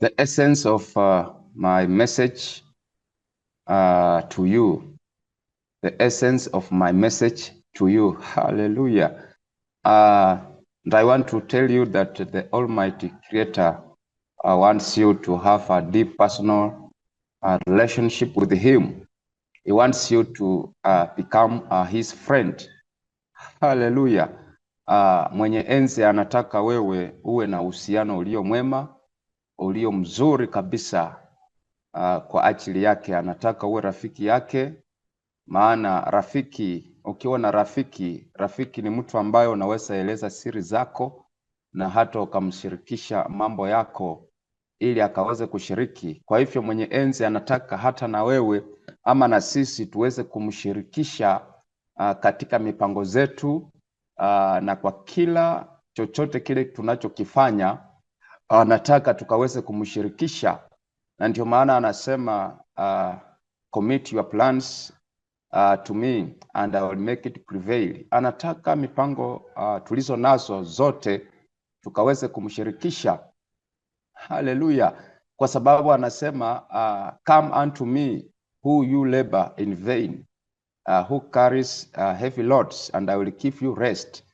the essence of uh, my message uh, to you. The essence of my message to you. Hallelujah. Uh, and I want to tell you that the Almighty Creator uh, wants you to have a deep personal uh, relationship with Him. He wants you to uh, become His friend. Hallelujah. mwenye enzi anataka wewe uwe na uhusiano ulio mwema ulio mzuri kabisa uh, kwa ajili yake. Anataka uwe rafiki yake, maana rafiki, ukiwa na rafiki, rafiki ni mtu ambaye unaweza eleza siri zako na hata ukamshirikisha mambo yako ili akaweze kushiriki. Kwa hivyo mwenye enzi anataka hata na wewe ama na sisi tuweze kumshirikisha uh, katika mipango zetu uh, na kwa kila chochote kile tunachokifanya anataka ah, tukaweze kumshirikisha, na ndio maana anasema uh, commit your plans uh, to me and I will make it prevail. Anataka mipango uh, tulizo nazo zote tukaweze kumshirikisha. Haleluya! Kwa sababu anasema uh, come unto me who you labor in vain uh, who carries uh, heavy loads and I will give you rest.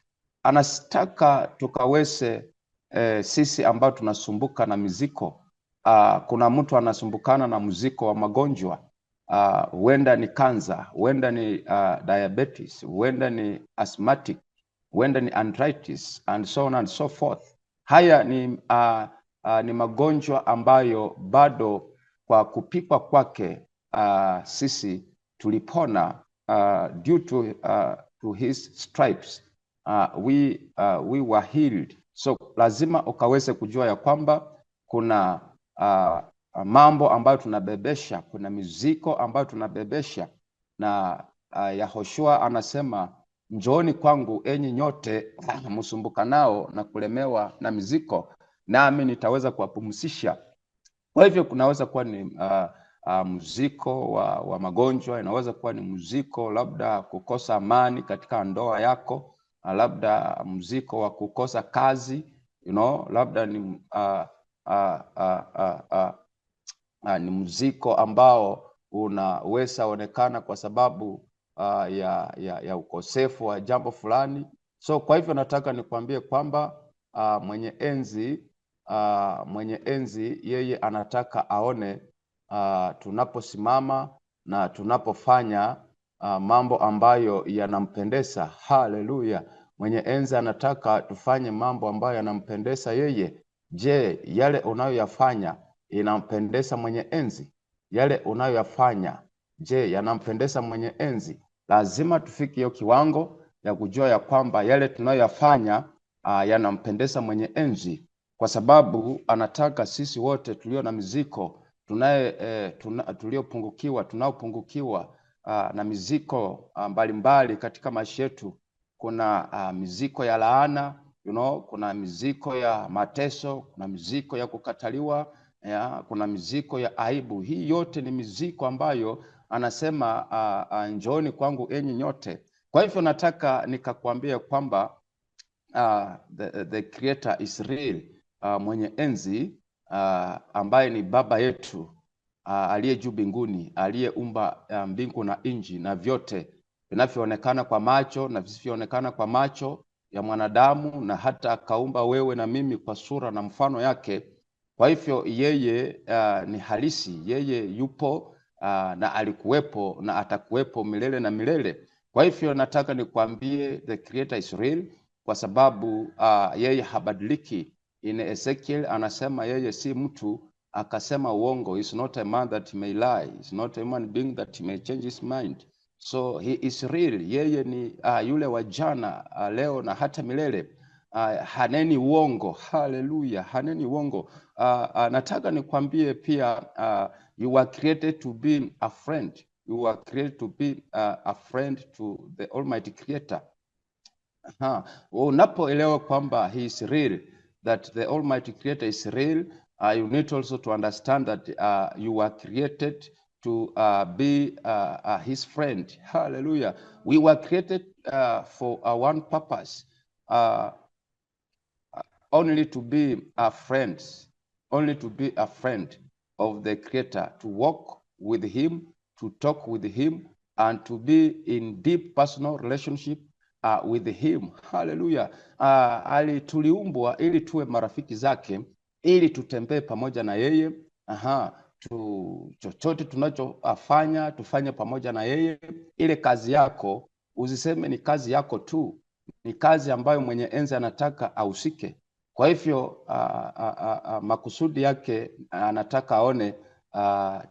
Anataka tukaweze eh, sisi ambao tunasumbuka na miziko uh, kuna mtu anasumbukana na mziko wa magonjwa ah, huenda uh, ni kansa, huenda ni uh, diabetes, huenda ni asthmatic, huenda ni arthritis and so on and so forth. Haya ni, uh, uh, ni magonjwa ambayo bado kwa kupikwa kwake uh, sisi tulipona uh, due to, uh, to his stripes uh, we, uh, we were healed So lazima ukaweze kujua ya kwamba kuna uh, mambo ambayo tunabebesha, kuna miziko ambayo tunabebesha na uh, Yahoshua anasema njooni kwangu enyi nyote msumbukanao na kulemewa na miziko, nami nitaweza kuwapumzisha. Kwa hivyo kunaweza kuwa ni uh, uh, mziko wa, wa magonjwa, inaweza kuwa ni mziko labda kukosa amani katika ndoa yako Ah, labda mziko wa kukosa kazi you know, labda ni uh, uh, uh, uh, uh, uh, ni mziko ambao unaweza onekana kwa sababu uh, ya, ya, ya ukosefu wa jambo fulani. So kwa hivyo nataka nikwambie kwamba uh, mwenye enzi uh, mwenye enzi yeye anataka aone uh, tunaposimama na tunapofanya uh, mambo ambayo yanampendeza. Haleluya! Mwenye enzi anataka tufanye mambo ambayo yanampendeza yeye. Je, yale unayoyafanya inampendeza mwenye enzi? Yale unayoyafanya je, yanampendeza mwenye enzi? Lazima tufike hiyo kiwango ya kujua ya kwamba yale tunayoyafanya uh, yanampendeza mwenye enzi, kwa sababu anataka sisi wote tulio na miziko tunaye eh, tuna, tuliopungukiwa tunaopungukiwa Ah, na miziko ah, mbalimbali mbali katika maisha yetu. Kuna a, ah, miziko ya laana you know, kuna miziko ya mateso, kuna miziko ya kukataliwa ya, kuna miziko ya aibu. Hii yote ni miziko ambayo anasema a, a, njooni kwangu enyi nyote. Kwa hivyo nataka nikakwambia kwamba uh, the, the creator is real uh, mwenye enzi uh, ambaye ni baba yetu aliye juu mbinguni, aliyeumba mbingu na nchi na vyote vinavyoonekana kwa macho na visivyoonekana kwa macho ya mwanadamu, na hata akaumba wewe na mimi kwa sura na mfano yake. Kwa hivyo yeye uh, ni halisi, yeye yupo uh, na alikuwepo na atakuwepo milele na milele. Kwa hivyo nataka nikwambie the creator is real, kwa sababu uh, yeye habadiliki. In Ezekiel anasema yeye si mtu akasema uongo. It's not a man that may lie. It's not a human being that may change his mind. So he is real. Yeye ni uh, yule wa jana uh, leo na hata milele. Uh, haneni uongo. Haleluya, haneni uongo. Uh, uh, nataka nikwambie pia uh, you were created to be a friend. You were created to be uh, a friend to the Almighty Creator. Ha. Unapoelewa kwamba he is real, that the Almighty Creator is real uh, you need also to understand that uh, you were created to uh, be uh, uh, his friend. Hallelujah. We were created uh, for one purpose, only to be a friend, only to be a friend of the Creator, to walk with him, to talk with him, and to be in deep personal relationship with him. Hallelujah. ali tuliumbwa ili tuwe marafiki zake ili tutembee pamoja na yeye. Aha, tu, chochote tunachofanya tufanye pamoja na yeye. Ile kazi yako usiseme ni kazi yako tu, ni kazi ambayo mwenye enzi anataka ahusike. Kwa hivyo a, a, a, a, makusudi yake anataka aone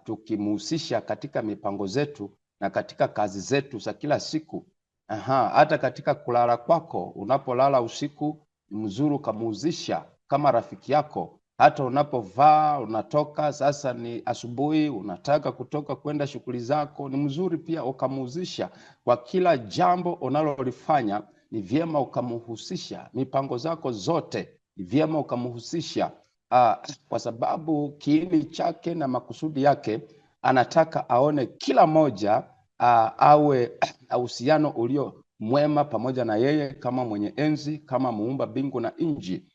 tukimhusisha katika mipango zetu na katika kazi zetu za kila siku. Aha, hata katika kulala kwako, unapolala usiku, mzuru kamuhusisha kama rafiki yako hata unapovaa unatoka, sasa ni asubuhi, unataka kutoka kwenda shughuli zako, ni mzuri pia ukamuhusisha kwa kila jambo unalolifanya. Ni vyema ukamuhusisha mipango zako zote, ni vyema ukamuhusisha Aa, ah, kwa sababu kiini chake na makusudi yake anataka aone kila moja aa, ah, awe uhusiano ulio mwema pamoja na yeye kama mwenye enzi, kama muumba bingu na nji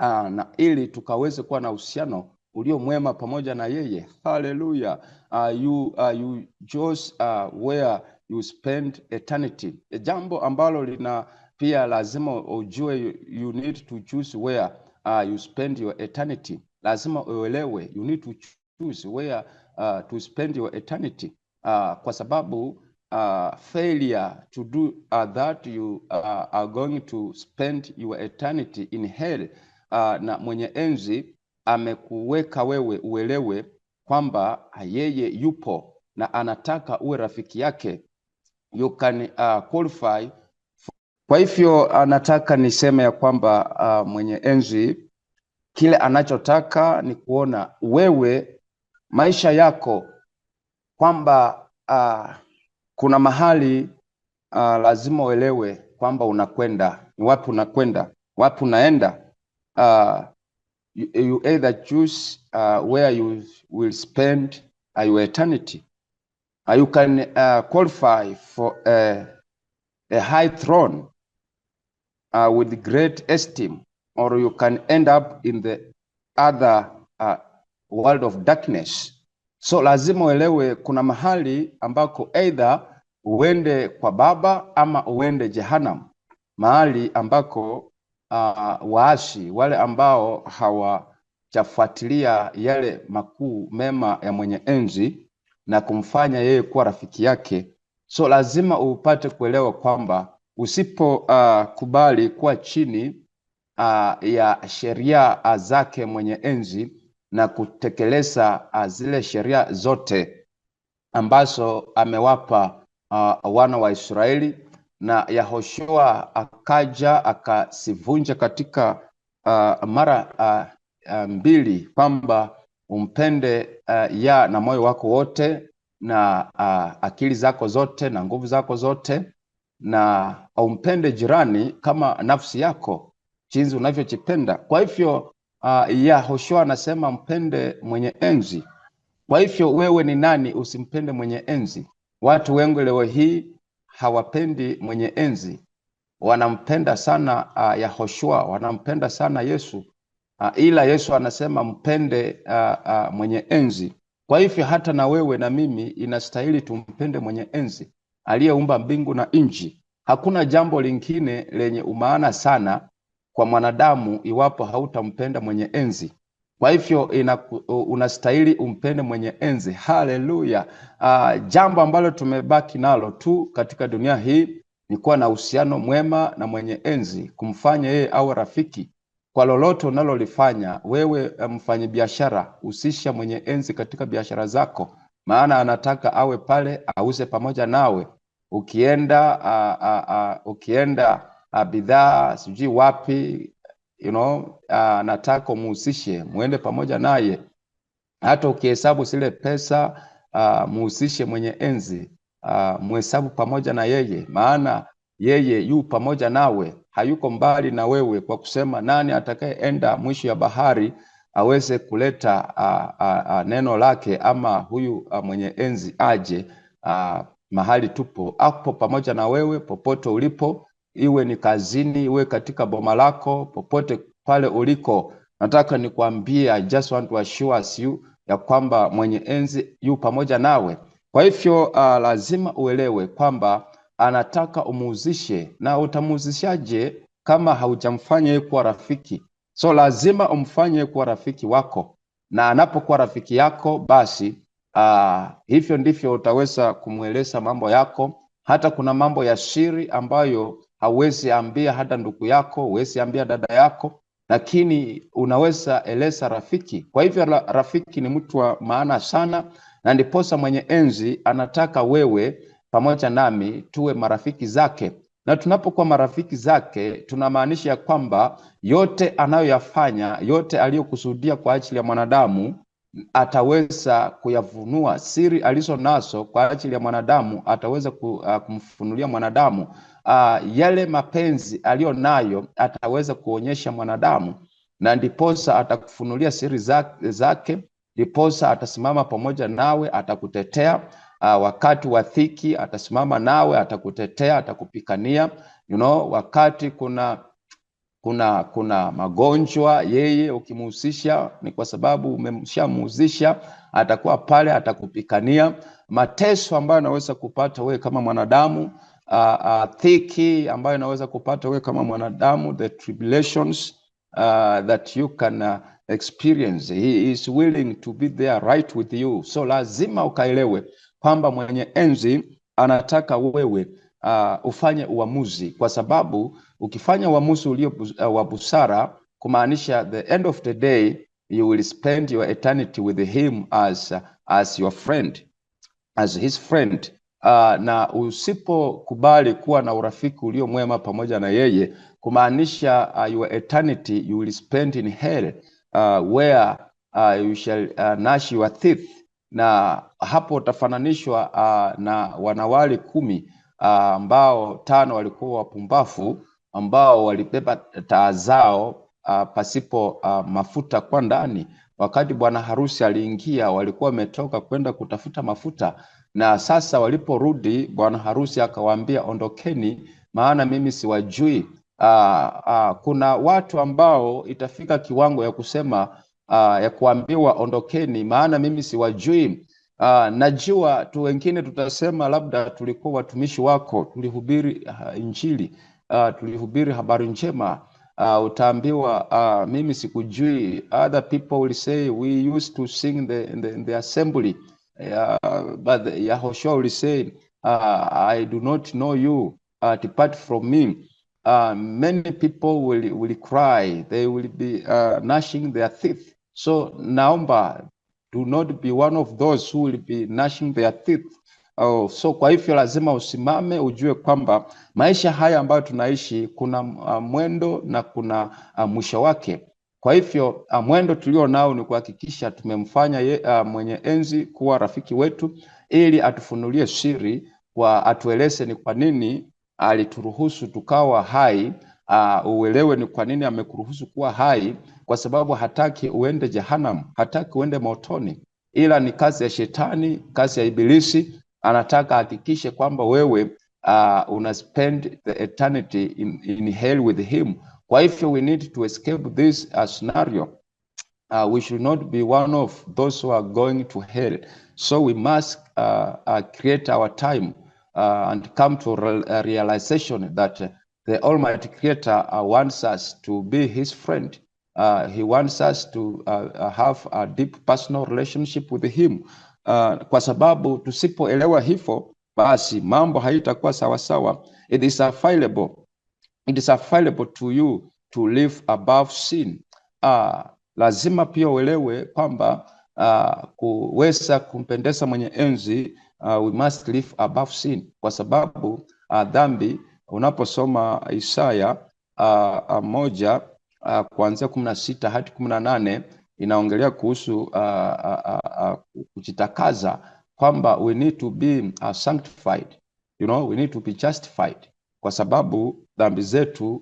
uh, na ili tukaweze kuwa na uhusiano ulio mwema pamoja na yeye. Haleluya. Uh, ah, you, uh, you chose uh, where you spend eternity. E, Jambo ambalo lina pia lazima ujue, you, you need to choose where uh, you spend your eternity. Lazima uelewe, you need to choose where uh, to spend your eternity uh, kwa sababu uh, failure to do uh, that you uh, are going to spend your eternity in hell uh, na mwenye enzi amekuweka wewe uelewe kwamba yeye yupo na anataka uwe rafiki yake, you can uh, qualify. Kwa hivyo anataka niseme ya kwamba uh, mwenye enzi kile anachotaka ni kuona wewe maisha yako kwamba uh, kuna mahali uh, lazima uelewe kwamba unakwenda ni wapi, unakwenda wapi, unaenda uh, you, you, either choose uh, where you will spend uh, your eternity. Uh, you can uh, qualify for a, a high throne uh, with great esteem, or you can end up in the other world of darkness. So lazima uelewe kuna mahali ambako either uende kwa baba ama uende jehanamu, mahali ambako uh, waashi wale ambao hawajafuatilia yale makuu mema ya mwenye enzi na kumfanya yeye kuwa rafiki yake. So lazima upate kuelewa kwamba usipokubali uh, kuwa chini uh, ya sheria uh, zake mwenye enzi na kutekeleza uh, zile sheria zote ambazo amewapa uh, wana wa Israeli na Yahoshua akaja akasivunja katika uh, mara uh, uh, mbili kwamba umpende uh, ya na moyo wako wote na uh, akili zako zote na nguvu zako zote na umpende jirani kama nafsi yako jinsi unavyojipenda. Kwa hivyo uh, Yahoshua anasema mpende mwenye enzi. Kwa hivyo wewe ni nani usimpende mwenye enzi? Watu wengi leo hii hawapendi mwenye enzi, wanampenda sana uh, Yahoshua, wanampenda sana Yesu uh, ila Yesu anasema mpende uh, uh, mwenye enzi. Kwa hivyo hata na wewe na mimi inastahili tumpende mwenye enzi aliyeumba mbingu na nchi. Hakuna jambo lingine lenye umaana sana kwa mwanadamu iwapo hautampenda mwenye enzi. Kwa hivyo unastahili umpende mwenye enzi. Haleluya! Uh, jambo ambalo tumebaki nalo tu katika dunia hii ni kuwa na uhusiano mwema na mwenye enzi, kumfanya yeye awe rafiki kwa lolote unalolifanya wewe. Eh, biashara husisha mwenye enzi katika biashara zako, maana anataka awe pale auze pamoja nawe. Ukienda uh, uh, uh, ukienda bidhaa sijui wapi you know, uh, nataka muhusishe, muende pamoja naye, hata ukihesabu zile pesa uh, muhusishe mwenye enzi uh, muhesabu pamoja na yeye, maana yeye yu pamoja nawe, hayuko mbali na wewe, kwa kusema nani atakayeenda mwisho ya bahari aweze kuleta a, a, a, neno lake, ama huyu a, uh, mwenye enzi aje a, uh, mahali tupo, apo pamoja na wewe popote ulipo iwe ni kazini, iwe katika boma lako, popote pale uliko, nataka nikwambie, I just want to assure you ya kwamba mwenye enzi yu pamoja nawe. Kwa hivyo uh, lazima uelewe kwamba anataka umuuzishe, na utamuuzishaje kama haujamfanya yeye kuwa rafiki? So lazima umfanye kuwa rafiki wako, na anapokuwa rafiki yako basi uh, hivyo ndivyo utaweza kumweleza mambo yako. Hata kuna mambo ya siri ambayo hauwezi ambia hata ndugu yako, huwezi ambia dada yako, lakini unaweza eleza rafiki. Kwa hivyo rafiki ni mtu wa maana sana, na ndiposa mwenye enzi anataka wewe pamoja nami tuwe marafiki zake, na tunapokuwa marafiki zake tunamaanisha ya kwamba yote anayoyafanya, yote aliyokusudia kwa ajili ya mwanadamu ataweza kuyafunua. Siri alizo nazo kwa ajili ya mwanadamu ataweza uh, kumfunulia mwanadamu uh, yale mapenzi aliyo nayo ataweza kuonyesha mwanadamu, na ndiposa atakufunulia siri zake, ndiposa atasimama pamoja nawe, atakutetea uh, wakati wa dhiki, atasimama nawe, atakutetea, atakupikania you know, wakati kuna kuna kuna magonjwa, yeye ukimhusisha ni kwa sababu umemshamuhusisha, atakuwa pale, atakupikania mateso ambayo anaweza kupata wewe kama mwanadamu uh, uh, thiki ambayo inaweza kupata wewe kama mwanadamu, the tribulations uh, that you can uh, experience. He is willing to be there right with you. So lazima ukaelewe kwamba mwenye enzi anataka wewe uh, ufanye uamuzi, kwa sababu ukifanya uamuzi ulio uh, wa busara, kumaanisha the end of the day you will spend your eternity with him as, uh, as your friend as his friend uh, na usipokubali kuwa na urafiki uliomwema pamoja na yeye kumaanisha uh, your eternity you will spend in hell uh, where uh, you shall uh, gnash your teeth, na hapo utafananishwa uh, na wanawali kumi ambao uh, tano walikuwa wapumbafu ambao walibeba taa zao uh, pasipo uh, mafuta kwa ndani Wakati bwana harusi aliingia, walikuwa wametoka kwenda kutafuta mafuta, na sasa waliporudi, bwana harusi akawaambia, ondokeni, maana mimi siwajui. ah, ah, kuna watu ambao itafika kiwango ya kusema ah, ya kuambiwa ondokeni, maana mimi siwajui. ah, najua tu wengine tutasema labda tulikuwa watumishi wako, tulihubiri uh, Injili ah, tulihubiri habari njema uh, utaambiwa uh, mimi sikujui. Other people will say we used to sing the, in the, the assembly uh, but Yahoshua will say uh, I do not know you uh, depart from me. Uh, many people will, will cry, they will be uh, gnashing their teeth. So, naomba, do not be one of those who will be gnashing their teeth Oh, so kwa hivyo lazima usimame ujue kwamba maisha haya ambayo tunaishi kuna uh, mwendo na kuna uh, mwisho wake. Kwa hivyo uh, mwendo tulio nao ni kuhakikisha tumemfanya ye, uh, mwenye enzi kuwa rafiki wetu ili atufunulie siri kwa atueleze ni kwa nini alituruhusu tukawa hai. Uh, uelewe ni kwa nini amekuruhusu kuwa hai, kwa sababu hataki uende jehanamu, hataki uende motoni, ila ni kazi ya shetani, kazi ya ibilisi anataka ahakikishe kwamba wewe uh, una spend the eternity in, in hell with him. Kwa hivyo we need to escape this uh, scenario. Uh, we should not be one of those who are going to hell. So we must uh, uh, create our time uh, and come to a uh, realization that the Almighty Creator uh, wants us to be His friend. Uh, he wants us to uh, uh have a deep personal relationship with Him. uh, kwa sababu tusipoelewa hivyo, basi mambo haitakuwa sawasawa. It is available. It is available to you to live above sin. Uh, lazima pia uelewe kwamba uh, kuweza kumpendeza mwenye enzi uh, we must live above sin, kwa sababu uh, dhambi unaposoma Isaya uh, moja uh, kuanzia kumi na sita hadi kumi na nane inaongelea kuhusu uh, uh, uh, uh, kujitakaza kwamba we need to be uh, sanctified you know we need to be justified kwa sababu dhambi zetu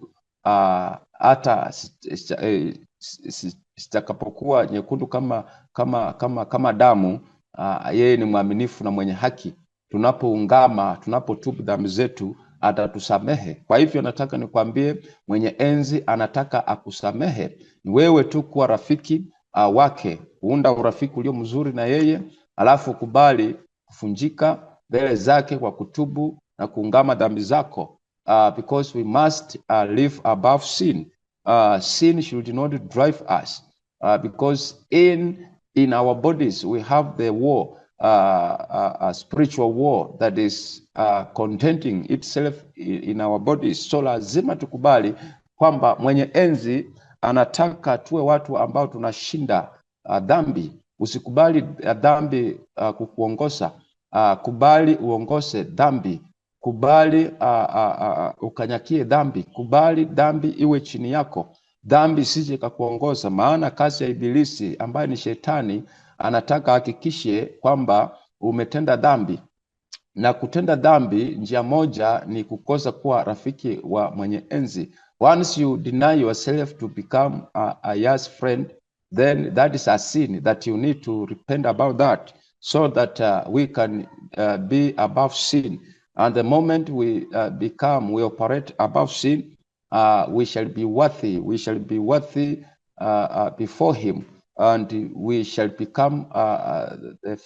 uh, hata uh, eh, zitakapokuwa nyekundu kama kama kama kama damu uh, yeye ni mwaminifu na mwenye haki tunapoungama tunapotubu dhambi zetu atatusamehe. Kwa hivyo nataka nikwambie, mwenye enzi anataka akusamehe. Ni wewe tu kuwa rafiki, uh, wake, kuunda urafiki ulio mzuri na yeye, alafu kubali kufunjika mbele zake kwa kutubu na kuungama dhambi zako uh, because we must uh, live above sin uh, sin should not drive us uh, because in in our bodies we have the war uh, uh, uh, spiritual war that is uh, contenting itself in our bodies so lazima tukubali kwamba mwenye enzi anataka tuwe watu ambao tunashinda uh, dhambi. Usikubali uh, dhambi uh, kukuongoza. Uh, kubali uongoze dhambi, kubali uh, uh, uh, ukanyakie dhambi, kubali dhambi iwe chini yako, dhambi sije kakuongoza. Maana kazi ya Ibilisi ambaye ni Shetani anataka hakikishe kwamba umetenda dhambi na kutenda dhambi, njia moja ni kukosa kuwa rafiki wa mwenye enzi Once you deny yourself to become a, a yes friend, then that is a sin that you need to repent about that so that uh, we can uh, be above sin. And the moment we uh, become, we operate above sin, uh, we shall be worthy. We shall be worthy uh, uh, before Him, and we shall become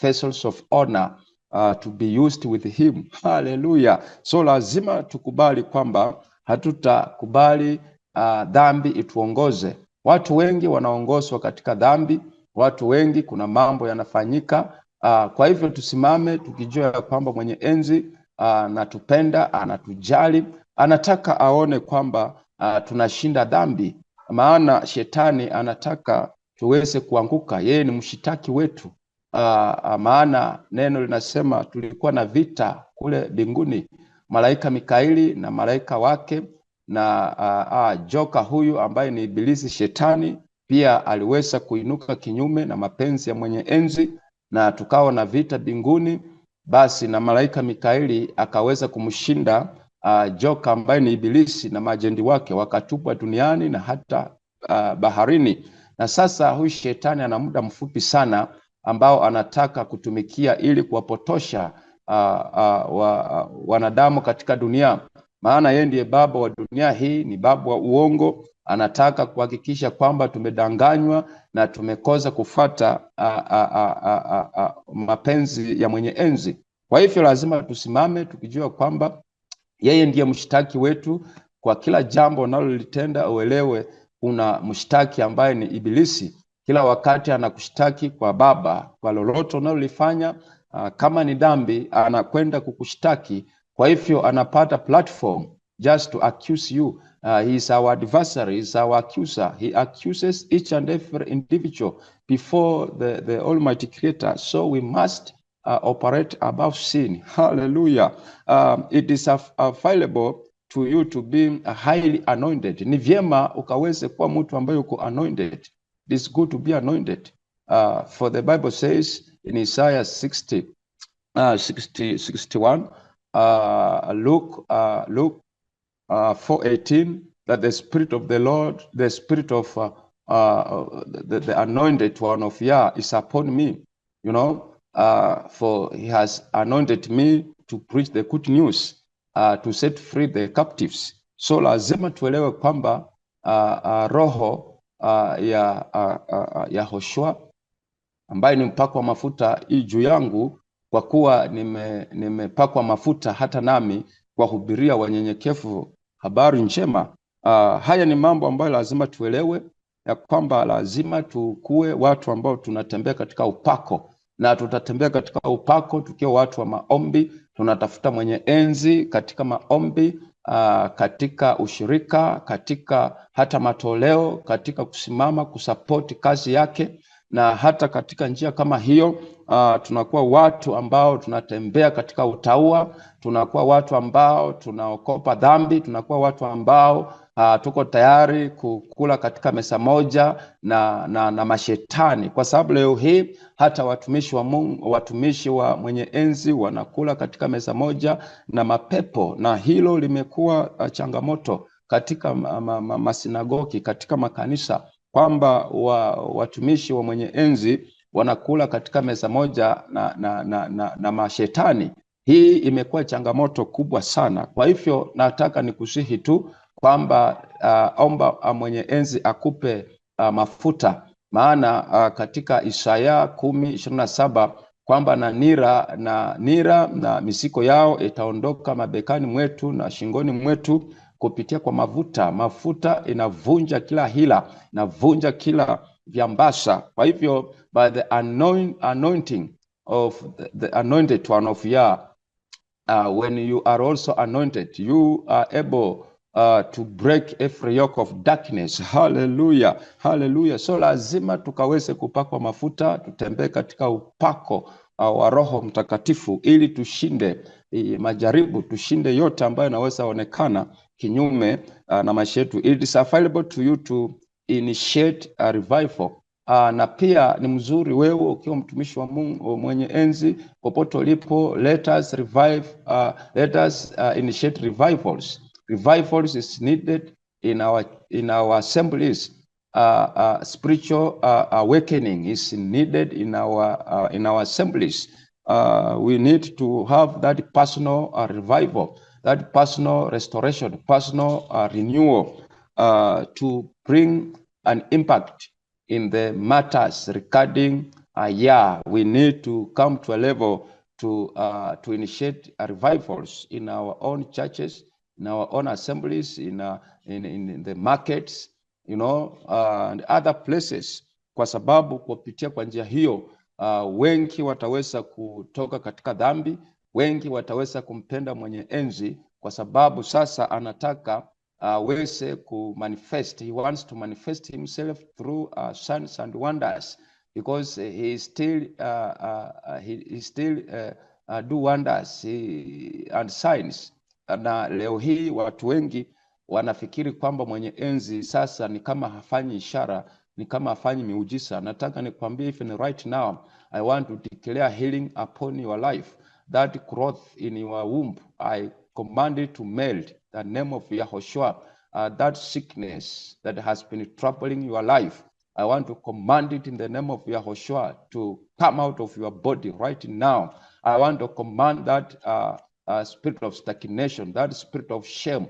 vessels of honor to be used with Him. Hallelujah. So lazima tukubali kwamba Hatutakubali uh, dhambi ituongoze. Watu wengi wanaongozwa katika dhambi, watu wengi, kuna mambo yanafanyika. Uh, kwa hivyo tusimame tukijua ya kwamba mwenye enzi ah, anatupenda, uh, anatujali, anataka aone kwamba uh, tunashinda dhambi, maana shetani anataka tuweze kuanguka. Yeye ni mshitaki wetu. Uh, maana neno linasema tulikuwa na vita kule mbinguni malaika Mikaeli na malaika wake na a, a, joka huyu ambaye ni Ibilisi Shetani pia aliweza kuinuka kinyume na mapenzi ya mwenye enzi, na tukawa na vita binguni Basi na malaika Mikaeli akaweza kumshinda uh, joka ambaye ni Ibilisi na majendi wake, wakatupwa duniani na hata uh, baharini. Na sasa huyu shetani ana muda mfupi sana ambao anataka kutumikia ili kuwapotosha uh, uh, wa, uh, wanadamu katika dunia, maana yeye ndiye baba wa dunia hii, ni baba wa uongo. Anataka kuhakikisha kwamba tumedanganywa na tumekosa kufata uh, uh, uh, uh, uh, mapenzi ya mwenye enzi. Kwa hivyo lazima tusimame tukijua kwamba yeye ndiye mshtaki wetu. Kwa kila jambo unalolitenda uelewe kuna mshtaki ambaye ni Ibilisi. Kila wakati anakushtaki kwa Baba kwa lolote unalolifanya Ah, kama ni dhambi anakwenda kukushtaki, kwa hivyo anapata platform just to accuse you. Uh, he is our adversary, he is our accuser. He accuses each and every individual before the, the Almighty Creator. So we must uh, operate above sin. Hallelujah. Um, it is available to you to be highly anointed. Ni vyema ukaweze kuwa mtu ambaye uko anointed. It is good to be anointed. Uh, for the Bible says in Isaiah 60, uh, 60 61, uh, Luke, uh, Luke uh, 4.18, that the Spirit of the Lord, the Spirit of uh, uh, the, the, anointed one of Yah is upon me, you know, uh, for he has anointed me to preach the good news, uh, to set free the captives. So lazima tuelewe kwamba uh, uh, roho uh, ya, uh, uh, uh ya Hoshua ambaye ni mpakwa mafuta hii juu yangu, kwa kuwa nime nimepakwa mafuta hata nami kuwahubiria wanyenyekevu habari njema. Uh, haya ni mambo ambayo lazima tuelewe ya kwamba lazima tukue watu ambao tunatembea katika upako na tutatembea katika upako tukiwa watu wa maombi, tunatafuta mwenye enzi katika maombi, uh, katika ushirika, katika hata matoleo, katika kusimama kusapoti kazi yake na hata katika njia kama hiyo uh, tunakuwa watu ambao tunatembea katika utaua, tunakuwa watu ambao tunaokopa dhambi, tunakuwa watu ambao uh, tuko tayari kukula katika meza moja na, na, na mashetani, kwa sababu leo hii hata watumishi wa Mungu, watumishi wa mwenye enzi wanakula katika meza moja na mapepo, na hilo limekuwa ah, changamoto katika masinagogi, katika makanisa kwamba wa, watumishi wa mwenye enzi wanakula katika meza moja na, na, na, na, na mashetani. Hii imekuwa changamoto kubwa sana. Kwa hivyo nataka nikusihi tu kwamba uh, omba mwenye enzi akupe uh, mafuta, maana uh, katika Isaya kumi ishirini na saba kwamba na nira na nira na misiko yao itaondoka mabekani mwetu na shingoni mwetu kupitia kwa mafuta. Mafuta inavunja kila hila, inavunja kila vyambasa. Kwa hivyo by the anoint, anointing of the, the anointed one of ya Uh, when you are also anointed you are able uh, to break every yoke of darkness. Hallelujah. Hallelujah. So lazima tukaweze kupakwa mafuta, tutembee katika upako uh, wa Roho Mtakatifu ili tushinde uh, majaribu, tushinde yote ambayo yanaweza onekana kinyume uh, na maisha yetu. It is available to you to initiate a revival. Uh, na pia ni mzuri wewe ukiwa mtumishi wa Mungu mwenye enzi popote ulipo, let us revive, uh, let us uh, initiate revivals. Revivals is needed in our, in our assemblies. Uh, uh, spiritual uh, awakening is needed in our uh, in our assemblies. Uh, we need to have that personal uh, revival that personal restoration, personal uh, renewal uh, to bring an impact in the matters regarding uh, year, we need to come to a level to uh, to initiate revivals in our own churches, in our own assemblies, in uh, in, in the markets, you know, uh, and other places, kwa sababu kupitia kwa njia hiyo uh, wengi wataweza kutoka katika dhambi wengi wataweza kumpenda mwenye enzi kwa sababu sasa anataka ah, aweze uh, ku manifest he wants to manifest himself through uh, ah, signs and wonders because he is still uh, uh, he is still uh, uh, do wonders he, and signs. Na leo hii watu wengi wanafikiri kwamba mwenye enzi sasa ni kama hafanyi ishara, ni kama hafanyi miujiza. Nataka nikwambie even right now I want to declare healing upon your life. that growth in your womb, I command it to melt the name of Yahushua. Uh, that sickness that has been troubling your life, I want to command it in the name of Yahushua to come out of your body right now. I want to command that uh, uh, spirit of stagnation, that spirit of shame,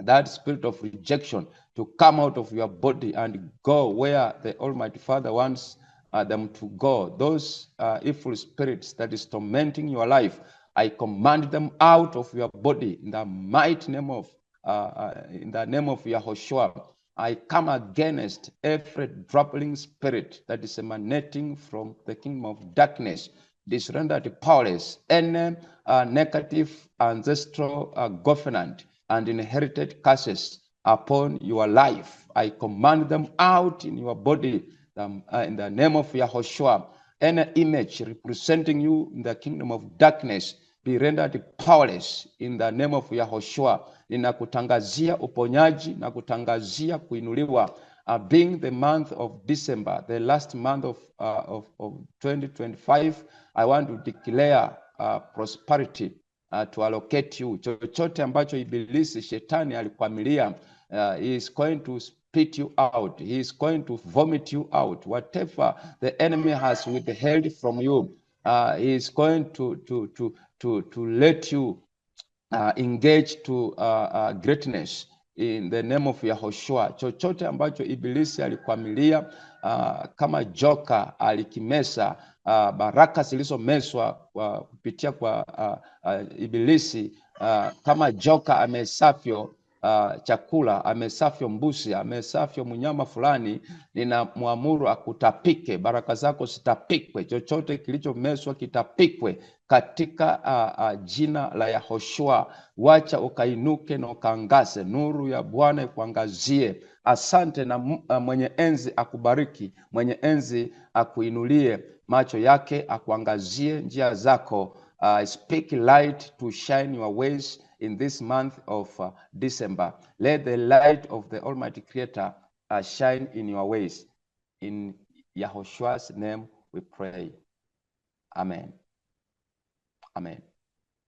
that spirit of rejection to come out of your body and go where the Almighty Father wants uh, them to go. Those uh, evil spirits that is tormenting your life, I command them out of your body in the mighty name of uh, in the name of Yahushua. I come against every troubling spirit that is emanating from the kingdom of darkness disrendered powers, any uh, negative ancestral uh, government and inherited curses upon your life. I command them out in your body um, uh, in the name of Yahushua, any image representing you in the kingdom of darkness be rendered powerless in the name of Yahushua. Ninakutangazia uponyaji na kutangazia kuinuliwa. Uh, being the month of December, the last month of, uh, of, of 2025, I want to declare uh, prosperity uh, to allocate you. Chochote ambacho ibilisi shetani alikwamilia uh, is going to spit you out. He is going to vomit you out. Whatever the enemy has withheld from you, uh, he is going to to to to to let you uh, engage to uh, uh greatness in the name of Yahoshua. Chochote ambacho ibilisi alikwamilia uh, kama joka alikimesa, uh, baraka zilizomeswa kupitia kwa ibilisi kama joka amesafyo uh, chakula amesafyo mbusi amesafyo mnyama fulani, ninamwamuru akutapike, baraka zako zitapikwe, chochote kilichomeswa kitapikwe katika uh, uh, jina la Yahoshua. Wacha ukainuke na ukaangaze, nuru ya Bwana ikuangazie. Asante na uh, mwenye enzi akubariki, mwenye enzi akuinulie macho yake, akuangazie njia zako. Uh, speak light to shine your ways in this month of uh, December. Let the light of the Almighty Creator uh, shine in your ways. In Yahushua's name we pray. Amen. Amen.